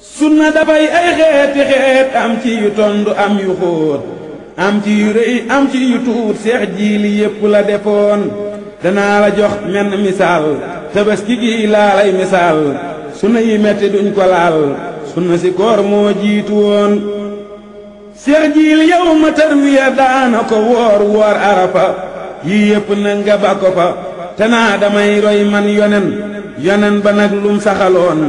sunna dafay ay xeeti xeet am ci yu tondu am yu xóot am ci yu am ci tuut seex jiili yépp la defoon danaa la jox menn misaal tabaski gi laa lay misaal sunna yi metti duñ ko laal sunna si koor moo jiitu woon seex jiili yow ma tarwiya daana ko woor woor arafa yii yépp nag nga ba fa te damay roy man yonen yonen ba nag lum saxaloon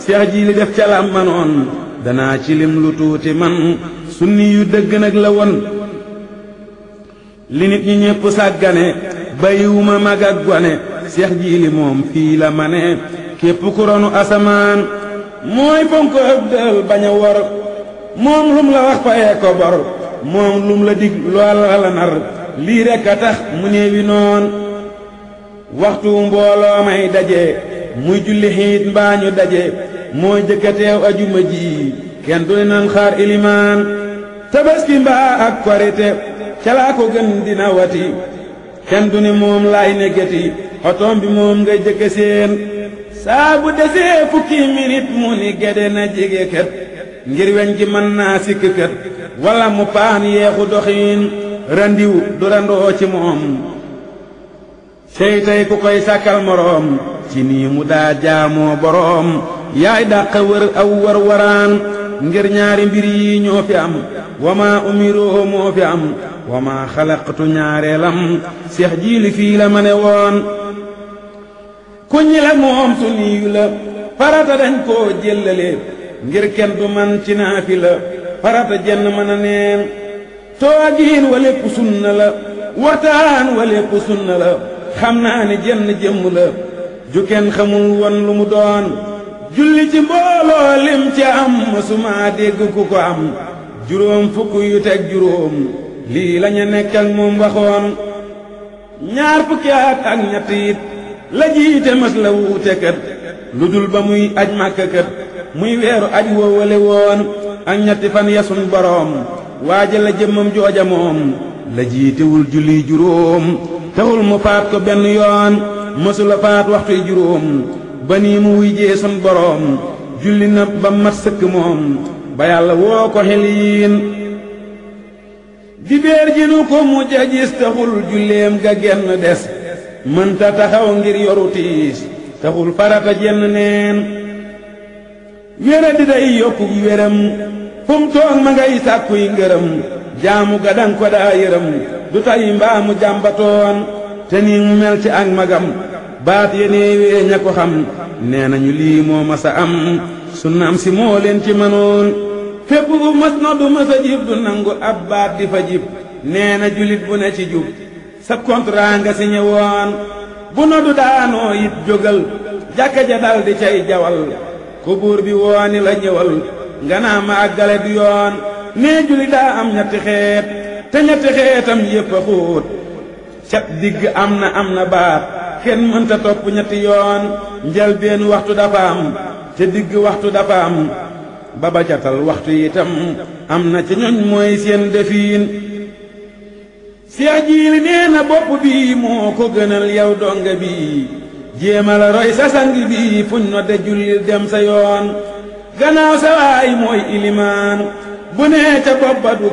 seex ji def ca la manoon danaa ci lim lu tuuti man sunni yu dëgg nag la woon li nit ñi ñépp sàggane bayiwuma mag ak gone seex ji moom fii la mane képp ku ronu asamaan mooy fonk ak dël bañ wor moom lum la wax fayee ko bor moom lum la dig loola la nar lii rekk a tax mu néewi noon waxtu mbooloo daje muy julli xiit mbaa ñu daje mooy jëkka teew ajuma ji kenn du ne nan xaar ilimaan tabaski mbaa ak korite calaa ko gën dina wati kenn du ne moom laay nekkati otoom bi moom nga jëkka seen saa bu desee mu ni gede na jege kat ngir weñ gi mën naa sikk kat wala mu paan yeexu doxiin randiw du randoo ci moom sey tey ku koy sàkkal moroom ci nii mu daa jaamoo boroom yaay dàq wër aw war waraan ngir ñaari mbir yi ñoo fi am wa maa umiroo moo fi am wa maa xalaqtu ñaareelam seex jiili fii la ma woon ku la moom su la farata dañ koo jëllale ngir kenn man ci naafi la farata jenn mën a neen toogiin wa lépp sunna la waxtaan wa lépp sunna la xam naa jenn jëmm la ju kenn xamul lu mu doon julli ci mbooloo lim ci am masuma dégg ku juróom fukk yu teg juróom lii lañu nekk moom waxoon ñaar fukki at ak ñett la jiite mas la lu dul ba muy aj màkka kat muy weeru aj woowale woon ak ñetti fan yasun boroom waaja la jëmmam jooja moom la jiitewul julli juróom taxul mu faat ko benn yoon mësula faat waxtuy juróom ba nii mu wuy jee boroom julli na ba mat sëkk moom ba yàlla woo ko xeliin dibéer ji nu ko mujj a gis taxul julleem ga genn des mënta taxaw ngir yoru tiis taxul farata jenn neen wéra di day yokku wéram fu mu toog ma ngay sàkkuy ngërëm jaamu ga dang ko daa yërëm du tay mbaa mu jàmbatoon ca ni mu mel ci ak magam baat yeneewee ña ko xam nee nañu lii moo mas a am sunu am si moo leen ci mënoon fépp bu mas du mas a du nangu ab baat di fa jib nee na julit bu ne ci jub sa contrat nga si ñëwoon bu no du daanoo it jógal jàkka ja dal di cay jawal ku buur bi wooni la ñëwal nga naa ma àggale du yoon nee juli daa am ñetti xeet te ñetti xeetam yépp a xuut cap digg am na am na baat kenn mënta topp ñetti yoon njëlbeen waxtu dafa am digg waxtu dafa am baba jatal waxtu itam am na ci ñoñ mooy seen defiin seex jiili nee na bopp bi moo ko gënal yow donga bi jéemal roy sa sang bi fuñ no de jullil dem sa yoon gannaaw sa waay mooy ilimaan bu nee ca bopp ba du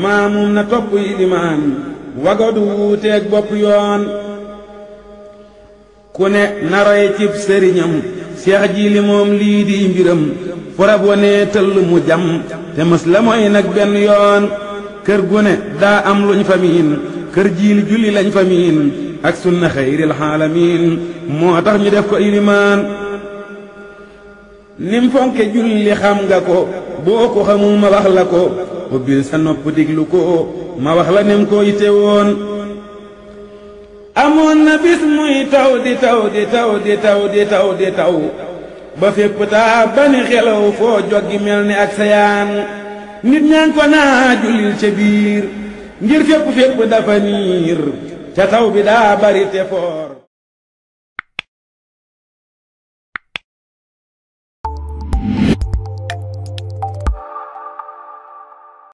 maamum na topp ilimaan wagadu wuuteeg bopp yoon ku ne naroy cib sëriñam seex ji li moom lii di mbiram forab wanee tëll mu jam te mës la mooy nag benn yoon kër gu daa am luñ fa miin kër jiil julli lañ fa miin ak sunna xayril xaalamiin moo tax ñu def ko ilimaan nim fonke julli xam nga ko boo ko xamul ma wax la ko ubbil sa nopp diglu ko ma wax la nim ko yite woon amoon na bis muy taw di taw di taw di taw di taw ba fépp taa bani xelaw foo joggi mel ni ak sayaan nit ñaa ko naa jullil ca biir ngir fépp fépp dafa niir ca taw bi daa bari te foor